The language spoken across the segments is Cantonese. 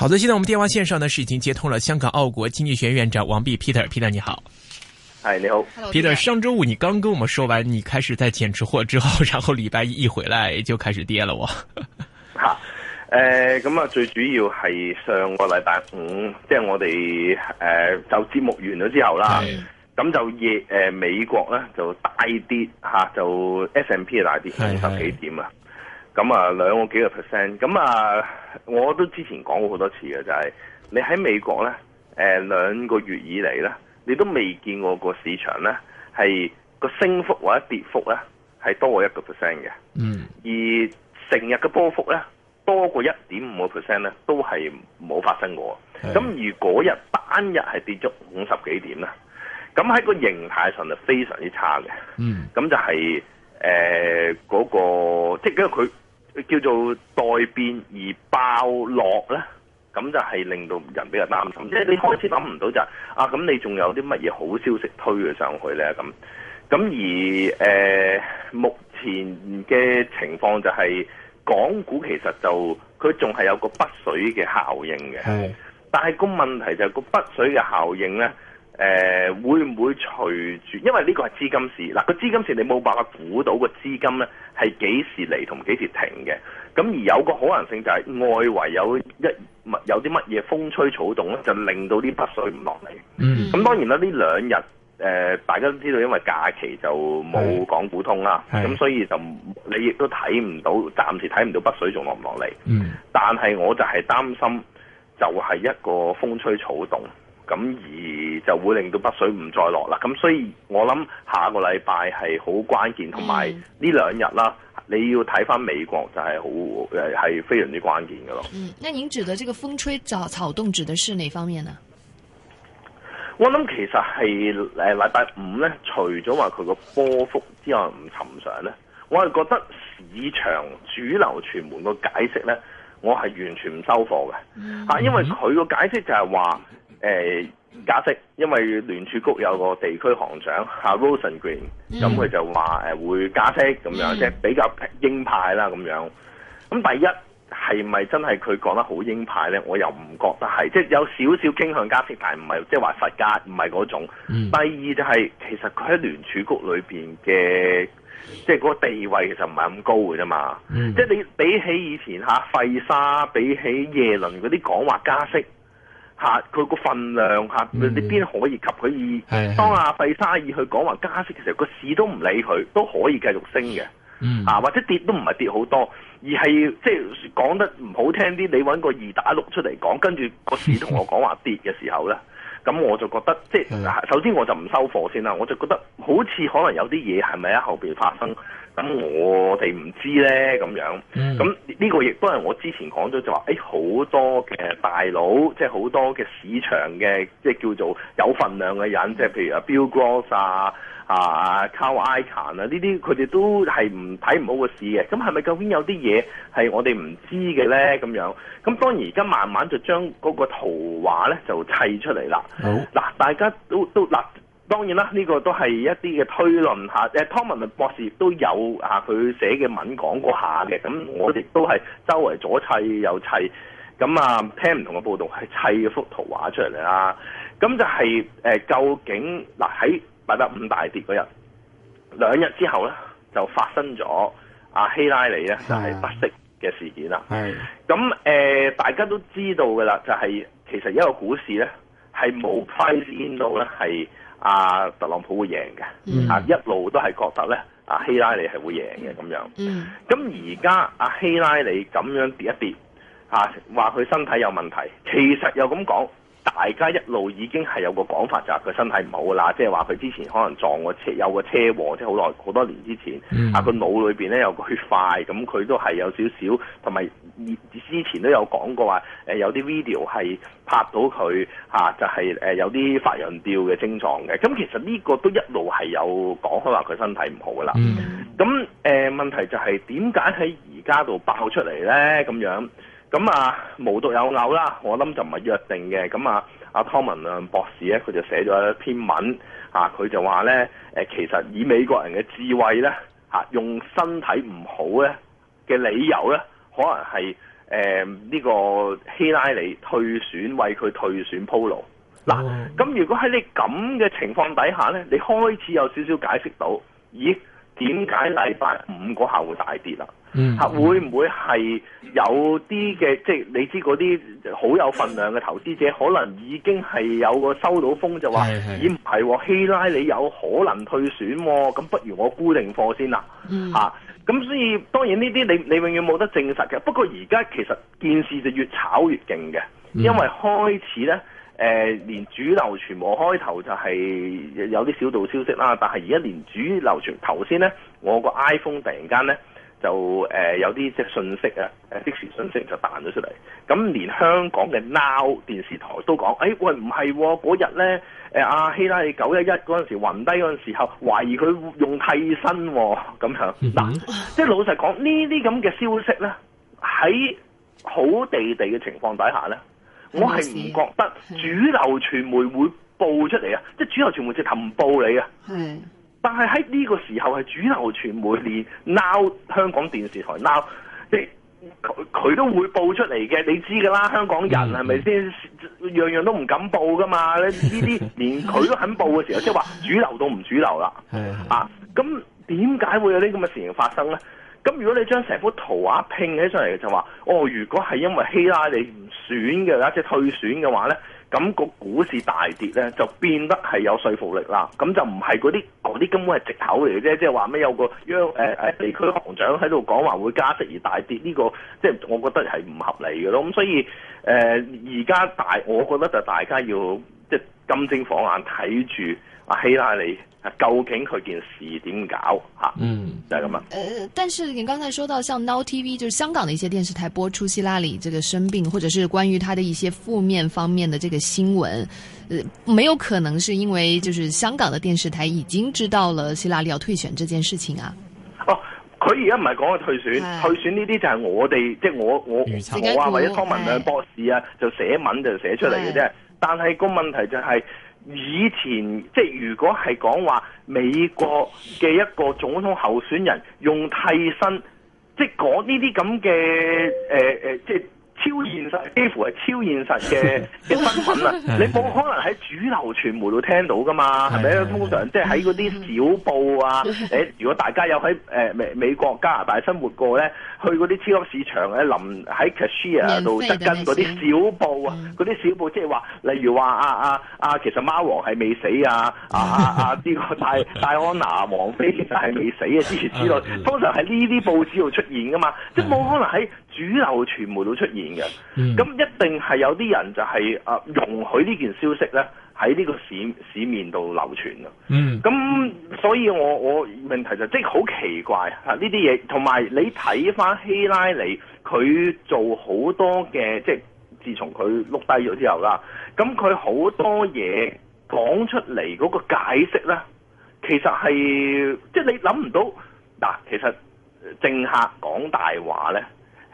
好的，現在我們電話線上呢是已經接通了香港澳國經濟學院長王弼 Peter。Peter 你好，係你好，Peter，上周五你剛跟我們說完你開始在減持貨之後，然後禮拜一回來就開始跌了，我，吓、 啊，誒、呃，咁啊最主要係上個禮拜五，即、就、係、是、我哋誒、呃、就節目完咗之後啦，咁就夜誒、呃、美國咧就大跌吓、啊，就 S&P 大跌五十幾點啊。咁啊，兩個幾個 percent，咁啊，我都之前講過好多次嘅，就係、是、你喺美國咧，誒、呃、兩個月以嚟咧，你都未見過個市場咧係個升幅或者跌幅咧係多過一個 percent 嘅，嗯、mm.，而成日嘅波幅咧多過一點五個 percent 咧，都係冇發生過。咁、mm. 如果日單日係跌足五十幾點啦，咁喺個形態上就非常之差嘅，嗯、mm. 就是，咁就係誒嗰個即係因為佢。叫做待變而爆落咧，咁就係令到人比較擔心。即係你開始諗唔到就係、啊，咁你仲有啲乜嘢好消息推咗上去咧？咁咁而誒、呃，目前嘅情況就係、係、港股其實就佢仲係有個不水嘅效應嘅，但係個問題就係、係、個不水嘅效應咧，誒會唔會隨住？因為呢個係資金市。嗱，個資金市你冇辦法估到個資金咧係幾時嚟同幾時停嘅。咁而有個可能性就係外圍有一有啲乜嘢風吹草動咧，就令到啲北水唔落嚟。咁、嗯、當然啦，呢兩日誒大家都知道，因為假期就冇港股通啦，咁所以就你亦都睇唔到，暫時睇唔到北水仲落唔落嚟。但係我就係擔心，就係一個風吹草動。咁而就會令到北水唔再落啦。咁所以我諗下個禮拜係好關鍵，同埋呢兩日啦，你要睇翻美國就係好誒，係非常之關鍵嘅咯。嗯，那您指的這個風吹草草動指的是哪方面呢？我諗其實係誒禮拜五咧，除咗話佢個波幅之外唔尋常咧，我係覺得市場主流傳媒個解釋咧，我係完全唔收貨嘅啊，因為佢個解釋就係話。誒、呃，加息，因為聯儲局有個地區行長阿 Rosengreen，咁、嗯、佢就話誒會加息咁樣，即、嗯、係、就是、比較鷹派啦咁樣。咁、嗯、第一係咪真係佢講得好鷹派咧？我又唔覺得係，即、就、係、是、有少少傾向加息，但係唔係即係話佛家唔係嗰種、嗯。第二就係、是、其實佢喺聯儲局裏邊嘅，即係嗰個地位其實唔係咁高嘅啫嘛。即、嗯、係、就是、你比起以前吓費沙，比起耶倫嗰啲講話加息。嚇佢個份量嚇、嗯，你邊可以及佢意？當阿費沙爾去講話加息嘅時候，個市都唔理佢，都可以繼續升嘅、嗯。啊，或者跌都唔係跌好多，而係即係講得唔好聽啲，你揾個二打六出嚟講，跟住個市同我講話跌嘅時候呢，咁 我就覺得即係首先我就唔收貨先啦，我就覺得好似可能有啲嘢係咪喺後邊發生？咁我哋唔知咧，咁樣，咁、嗯、呢個亦都係我之前講咗，就話，誒、欸、好多嘅大佬，即係好多嘅市場嘅，即、就、係、是、叫做有份量嘅人，即、就、係、是、譬如啊 Bill Gross 啊啊 Carl Icahn 啊，呢啲佢哋都係唔睇唔好個市嘅。咁係咪究竟有啲嘢係我哋唔知嘅咧？咁樣，咁當然而家慢慢就將嗰個圖畫咧就砌出嚟啦。好嗱，大家都都嗱。當然啦，呢、這個都係一啲嘅推論下。誒、啊，湯文博士都有啊，佢寫嘅文講過下嘅。咁我哋都係周圍左砌右砌，咁啊聽唔同嘅報道，係砌一幅圖畫出嚟啦。咁就係、是、誒、呃，究竟嗱喺八百五大跌嗰日，兩日之後咧就發生咗阿、啊、希拉里咧就係、是、不適嘅事件啦。係。咁誒、呃，大家都知道嘅啦，就係、是、其實一個股市咧。係冇 price in 到咧，係阿、啊、特朗普會贏嘅，mm. 啊一路都係覺得咧，阿、啊、希拉里係會贏嘅咁樣。咁而家阿希拉里咁樣跌一跌，啊話佢身體有問題，其實又咁講。大家一路已經係有個講法就是他身體不好了，就係佢身體唔好啦，即係話佢之前可能撞過車，有個車禍，即係好耐好多年之前、嗯。啊，他腦裡面有個腦裏邊咧有個血塊，咁佢都係有少少，同埋之前都有講過話，誒、呃、有啲 video 係拍到佢嚇、啊，就係、是、誒、呃、有啲發羊吊嘅症狀嘅。咁其實呢個都一路係有講開話佢身體唔好噶啦。咁、嗯、誒、呃、問題就係點解喺而家度爆出嚟咧？咁樣。咁啊，無獨有偶啦，我諗就唔係約定嘅。咁啊，阿、啊、湯文亮博士咧，佢就寫咗一篇文，佢、啊、就話咧，其實以美國人嘅智慧咧、啊，用身體唔好咧嘅理由咧，可能係誒呢個希拉里退選為佢退選鋪路。嗱、啊，咁如果喺你咁嘅情況底下咧，你開始有少少解釋到。咦點解禮拜五嗰下會大跌啦？嚇、嗯嗯，會唔會係有啲嘅？即、就、係、是、你知嗰啲好有份量嘅投資者，可能已經係有個收到風就話、嗯，咦唔係喎，希拉里有可能退選，哦，咁不如我沽定貨先啦嚇。咁、嗯啊、所以當然呢啲你你永遠冇得證實嘅。不過而家其實件事就越炒越勁嘅，因為開始咧。誒、呃、連主流傳播開頭就係有啲小道消息啦，但係而家連主流傳頭先呢，我個 iPhone 突然間呢，就誒、呃、有啲即係信息啊，即時信息就彈咗出嚟。咁連香港嘅 Now 電視台都講，誒、欸、喂，唔係喎，嗰日呢誒阿、啊、希拉爾希拉里九一一嗰陣時暈低嗰陣時候，懷疑佢用替身喎、喔。咁樣嗱， 即係老實講呢啲咁嘅消息呢，喺好地地嘅情況底下呢。是不是我係唔覺得主流傳媒會報出嚟啊！即係主流傳媒只係唔報你啊！但係喺呢個時候係主流傳媒連 Now 香港電視台 Now，即係佢都會報出嚟嘅，你知噶啦，香港人係咪先？樣樣都唔敢報噶嘛？呢啲連佢都肯報嘅時候， 即係話主流都唔主流啦！是是啊，咁點解會有呢咁嘅事情發生咧？咁如果你將成幅圖畫拼起上嚟嘅就話，哦，如果係因為希拉里唔選嘅，或者退選嘅話咧，咁個股市大跌咧就變得係有說服力啦。咁就唔係嗰啲嗰啲根本係藉口嚟嘅啫，即係話咩有個央、呃、地區行長喺度講話會加息而大跌呢個，即係我覺得係唔合理嘅咯。咁所以誒，而家大，我覺得就大家要即係金睛火眼睇住。希拉里，啊，究竟佢件事點搞吓？嗯，就係咁啊。誒、呃，但是你剛才說到，像 Now TV，就是香港的一些電視台播出希拉里這個生病，或者是關於他的一些負面方面的這個新聞，誒、呃，沒有可能是因為就是香港的電視台已經知道了希拉里要退選這件事情啊？哦，佢而家唔係講佢退選，哎、退選呢啲就係我哋、哎，即係我我我啊，或者湯文亮博士啊、哎，就寫文就寫出嚟嘅啫。但係個問題就係、是。以前即係如果係講話美國嘅一個總統候選人用替身，即係講呢啲咁嘅誒誒，即係。超現實，幾乎係超現實嘅嘅新聞啊！ 你冇可能喺主流傳媒度聽到㗎嘛？係 咪？通常即係喺嗰啲小報啊！誒， 如果大家有喺誒美美國加拿大生活過咧，去嗰啲超級市場喺、啊、臨喺 cashier 度執跟嗰啲小報啊，嗰 啲小報即係話，例如話啊啊啊，其實貓王係未死啊啊 啊！呢、啊呢個戴 戴安娜王妃其實係未死啊之前之類，知道 通常喺呢啲報紙度出現㗎嘛， 即係冇可能喺。主流傳媒都出現嘅，咁、嗯、一定係有啲人就係、是、啊、呃、容許呢件消息呢喺呢個市市面度流傳啊。咁、嗯、所以我我問題就即係好奇怪嚇呢啲嘢，同、啊、埋你睇翻希拉里，佢做好多嘅即係自從佢碌低咗之後啦，咁佢好多嘢講出嚟嗰個解釋呢，其實係即係你諗唔到嗱、啊，其實政客講大話呢。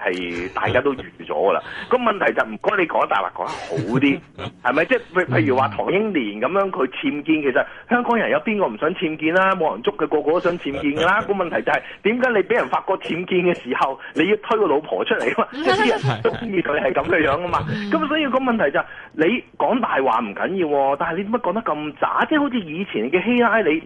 係 大家都預咗噶啦，咁、那個、問題就唔、是、該你講大話講得好啲，係咪？即係譬譬如話唐英年咁樣，佢僭建，其實香港人有邊個唔想僭建啦？冇人捉佢，個個都想僭建噶啦。咁、那個、問題就係點解你俾人發覺僭建嘅時候，你要推個老婆出嚟啊？即係啲人都中意佢係咁嘅樣啊嘛。咁所以個問題就係、你講大話唔緊要，但係你點解講得咁渣？即係好似以前嘅希拉里。你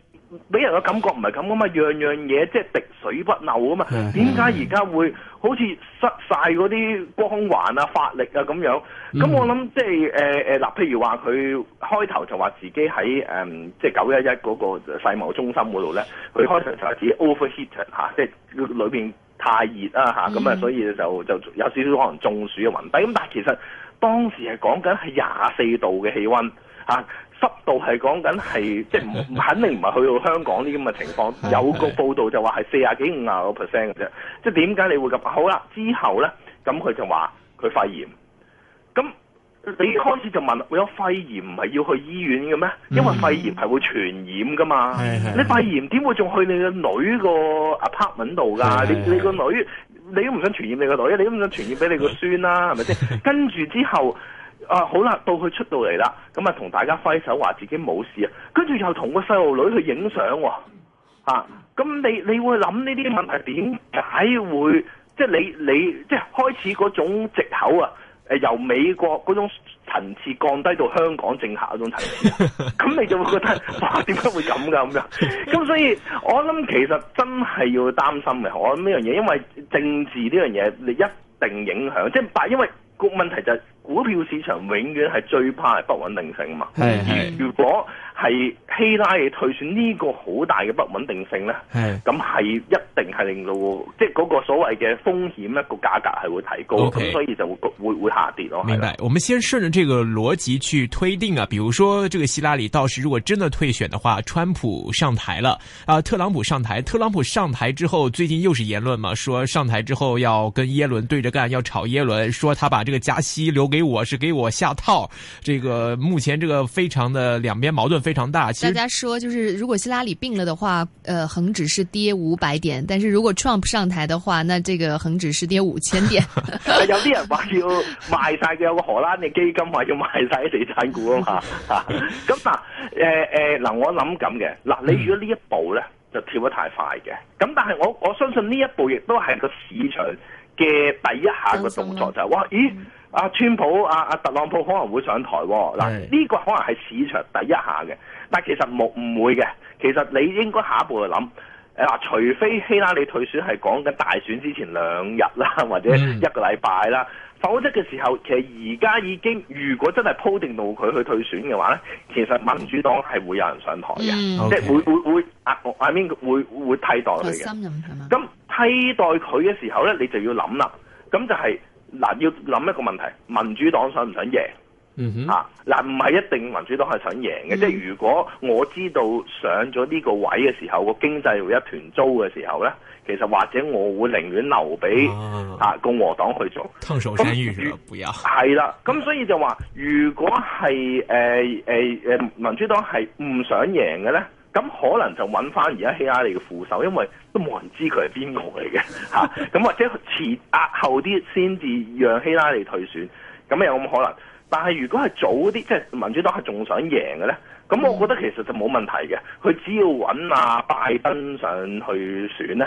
俾人嘅感覺唔係咁啊嘛，樣樣嘢即係滴水不漏啊嘛。點解而家會好似失曬嗰啲光環啊、法力啊咁樣？咁我諗即係誒誒嗱，譬如話佢開頭就話自己喺誒、嗯、即係九一一嗰個世貿中心嗰度咧，佢開頭就話自己 overheated 嚇、啊，即係裏邊太熱啦、啊、嚇，咁啊 所以就就有少少可能中暑嘅暈低。咁但係其實當時係講緊係廿四度嘅氣温啊。濕度係講緊係，即係唔肯定唔係去到香港呢啲咁嘅情況。 有個報道就話係四十幾五十個 percent 嘅啫。即係點解你會咁？好啦，之後咧，咁佢就話佢肺炎。咁你開始就問，會有肺炎唔係要去醫院嘅咩？因為肺炎係會傳染噶嘛。 你肺炎點會仲去你個女個 apartment 度㗎？ 你你個女，你都唔想傳染你個女，你都唔想傳染俾你個孫啦，係咪先？ 跟住之後。啊好啦，到佢出到嚟啦，咁啊同大家揮手話自己冇事啊，跟住又同個細路女去影相喎，咁你你會諗呢啲問題點解會即係你你即係開始嗰種藉口啊，呃，由美國嗰種層次降低到香港政客嗰種層次，咁 你就會覺得哇點解會咁㗎咁樣？咁所以我諗其實真係要擔心嘅，我諗呢樣嘢，因為政治呢樣嘢你一定影響，即係但係因為個問題就係。股票市場永遠係最怕係不穩定性啊嘛，如 如果。係希拉里退選呢個好大嘅不穩定性咧，咁係一定係令到即係嗰個所謂嘅風險一個價格係會提高，咁，Okay. 所以就會會會下跌咯。明白。我們先順着這個邏輯去推定啊，比如說，這個希拉里到時如果真的退選的話，川普上台了啊，特朗普上台，特朗普上台之後，最近又是言論嘛，說上台之後要跟耶倫對着幹，要炒耶倫，說他把這個加息留給我是給我下套。這個目前這個非常的兩邊矛盾。非常大。大家說，就是如果希拉里病了的話，呃，恒指是跌五百點；但是如果 Trump 上台的話，那這個恒指是跌五千點。 有啲人話要賣晒佢，有個荷蘭嘅基金話要賣晒啲地產股啊嘛。咁 嗱， 誒、呃、誒，嗱、呃呃、我諗咁嘅，嗱你如果呢一步呢，就跳得太快嘅，咁但係我我相信呢一步亦都係個市場嘅第一下個動作就話、是、咦。啊，川普啊特朗普可能會上台，嗱、哦，呢、呢個可能係市場第一下嘅。但其實冇唔會嘅，其實你應該下一步去諗，嗱、啊，除非希拉里退選係講緊大選之前兩日啦，或者一個禮拜啦，嗯、否則嘅時候，其實而家已經如果真係鋪定到佢去退選嘅話咧，其實民主黨係會有人上台嘅、嗯，即係會、okay. 會會啊外面會替代佢嘅，咁替代佢嘅時候咧，你就要諗啦，咁就係、是。嗱，要諗一個問題，民主黨想唔想贏？嗯哼，嗱、啊，唔係一定民主黨係想贏嘅、嗯，即係如果我知道上咗呢個位嘅時候，個經濟會一團糟嘅時候咧，其實或者我會寧願留俾啊，啊共和黨去做，燙手山芋啦，係啦，咁、嗯、所以就話，如果係誒誒誒，民主黨係唔想贏嘅咧。咁可能就揾翻而家希拉里嘅副手，因為都冇人知佢係邊個嚟嘅嚇，咁、啊、或者遲壓後啲先至讓希拉里退選，咁有冇可能？但係如果係早啲，即、就、係、是、民主黨係仲想贏嘅咧，咁我覺得其實就冇問題嘅。佢只要揾阿、啊、拜登上去選呢，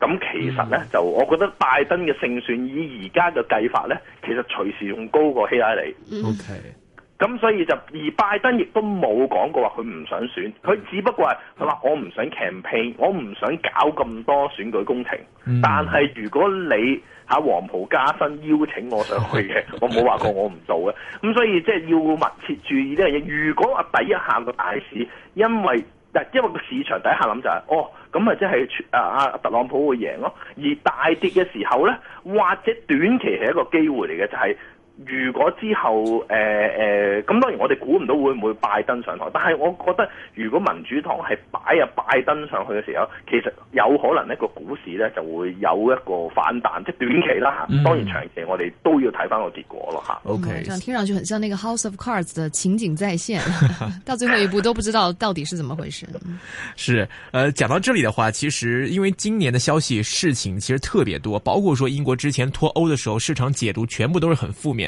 咁其實咧就我覺得拜登嘅勝算以而家嘅計法咧，其實隨時用高過希拉里。O K。咁所以就而拜登亦都冇講過話佢唔想選，佢只不過係話我唔想 campaign，我唔想搞咁多選舉工程。嗯、但係如果你喺黃袍加身邀請我上去嘅，我冇話過我唔做嘅。咁所以即係要密切注意呢樣嘢。如果話第一下個大市，因為因為個市場第一下諗就係、是、哦，咁咪即係啊特朗普會贏咯、哦。而大跌嘅時候咧，或者短期係一個機會嚟嘅，就係、是。如果之後誒誒咁，當然我哋估唔到會唔會拜登上台。但係我覺得，如果民主黨係擺入拜登上去嘅時候，其實有可能呢個股市咧就會有一個反彈，即係短期啦。當然長期期我哋都要睇翻個結果咯。吓 OK 聽上去很像那個 House of Cards 的情景再現，到最後一步都不知道到底是怎麼回事。 是，呃，講到這裡的話，其實因為今年的消息事情其實特別多，包括說英國之前脱歐的時候，市場解讀全部都是很負面。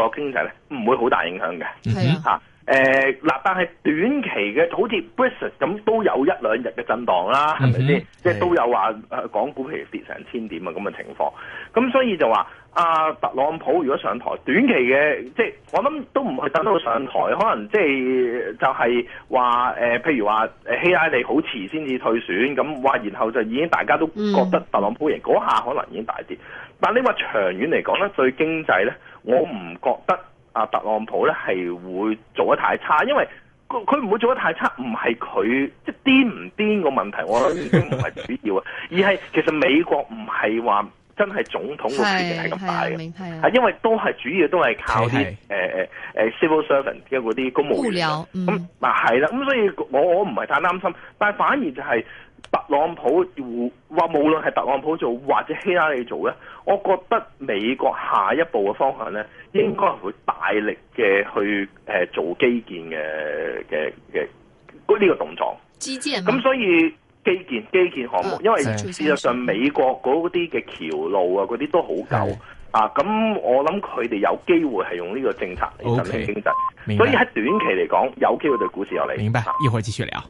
個經濟咧唔會好大影響嘅，吓誒嗱，但係短期嘅好似 Brexit 咁，都有一兩日嘅震盪啦，係咪先？即係都有話港股譬如跌成千點啊咁嘅情況，咁所以就話阿、啊、特朗普如果上台，短期嘅即係我諗都唔係等到上台，可能即係就係話誒，譬如話誒希拉里好遲先至退選，咁話然後就已經大家都覺得特朗普贏，嗰下可能已經大跌。嗯、但你話長遠嚟講咧，對經濟咧？我唔覺得啊，特朗普咧係會做得太差，因為佢佢唔會做得太差，唔係佢即係癲唔癲個問題，我諗已經唔係主要啊。 而係其實美國唔係話真係總統個決定係咁大嘅，係因為都係主要都係靠啲誒誒誒 civil servant 即係嗰啲公務員。咁嗱係啦，咁、嗯嗯、所以我我唔係太擔心，但係反而就係、是。特朗普話無論係特朗普做或者希拉里做呢，我覺得美國下一步嘅方向呢，應該係會大力嘅去誒做基建嘅嘅嘅呢個動作。基建咁所以基建基建項目、啊，因為事實上美國嗰啲嘅橋路啊嗰啲都好舊啊，咁我諗佢哋有機會係用呢個政策嚟振興經濟，okay, 所以喺短期嚟講有機會對股市有利。明白，一會繼續聊。